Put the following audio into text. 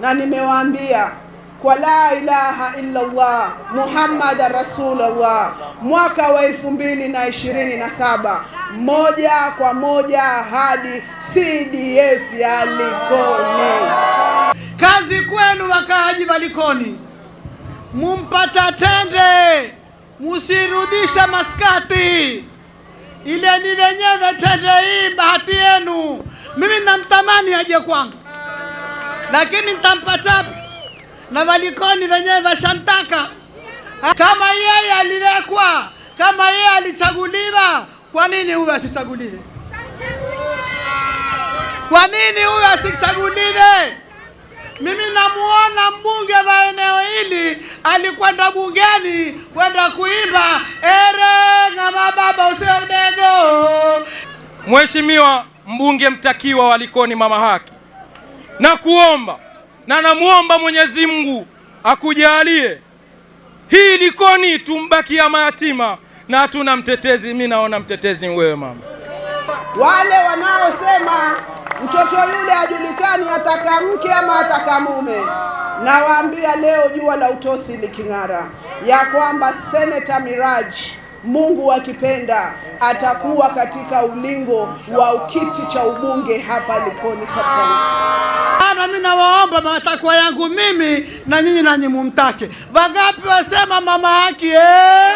na nimewaambia kwa la ilaha illa Allah Muhammadan Rasulullah mwaka wa elfu mbili na ishirini na saba moja kwa moja hadi CDF ya Likoni. Kazi kwenu wakaaji wa Likoni, mumpata tende, musirudisha maskati ile ni lenyewe tende. Hii bahati yenu. Mimi namtamani aje kwangu lakini nitampata na walikoni wenyewe washamtaka. Kama yeye alilekwa, kama yeye alichaguliwa, kwa nini huyo asichaguliwe? Kwa nini huyo asichaguliwe? Mimi namuona mbunge wa eneo hili alikwenda bungeni kwenda kuimba ere na mababa usio mdego. Mheshimiwa mbunge mtakiwa Walikoni, mama haki na kuomba na namwomba Mwenyezi Mungu akujalie hii Likoni tumbakia mayatima na hatuna mtetezi. Mi naona mtetezi wewe mama. Wale wanaosema mtoto yule hajulikani ataka mke ama ataka mume, nawaambia leo jua la utosi liking'ara, ya kwamba Seneta Miraji Mungu akipenda atakuwa katika ulingo wa kiti cha ubunge hapa Likoni ana Mimi nawaomba matakwa yangu mimi na nyinyi nanyi mumtake. Wangapi wasema mama yake? Eh?